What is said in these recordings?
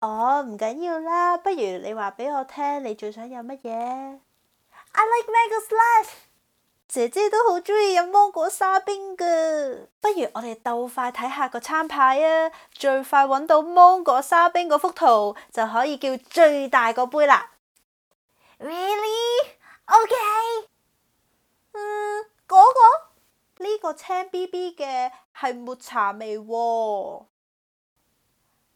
哦，唔緊要啦，不如你話俾我聽，你最想飲乜嘢？I like mango slush。姐姐都好中意飲芒果沙冰噶。不如我哋鬥快睇下個餐牌啊，最快揾到芒果沙冰嗰幅圖就可以叫最大個杯啦。Really？OK。嗯，嗰個呢個青 B B 嘅係抹茶味喎。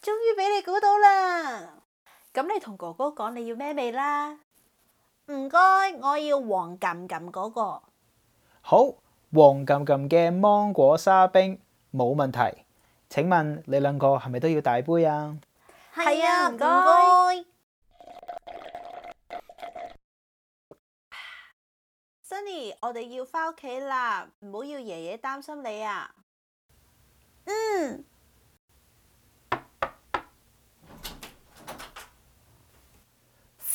終於俾你估到啦！咁你同哥哥講你要咩味啦？唔該，我要黃撳撳嗰個。好，黃撳撳嘅芒果沙冰冇問題。請問你兩個係咪都要大杯啊？係啊，唔該。Sunny，我哋要返屋企啦，唔好要爺爺擔心你啊。嗯。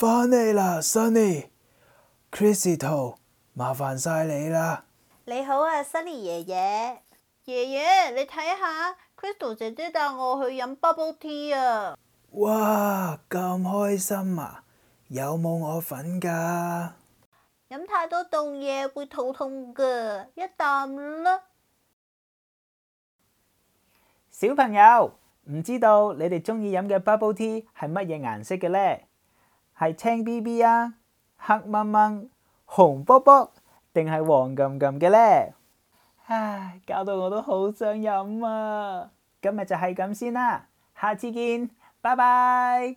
翻嚟啦，Sunny，Crystal，麻煩晒你啦。你好啊，Sunny 爺爺，爺爺你睇下 Crystal 姐姐帶我去飲 bubble tea 啊。哇，咁開心啊！有冇我份噶？飲太多凍嘢會肚痛噶，一啖啦。小朋友，唔知道你哋中意飲嘅 bubble tea 係乜嘢顏色嘅呢？係青 B B 啊，黑掹掹，紅卜卜，定係黃咁咁嘅咧？唉，搞到我都好想飲啊！今日就係咁先啦，下次見，拜拜。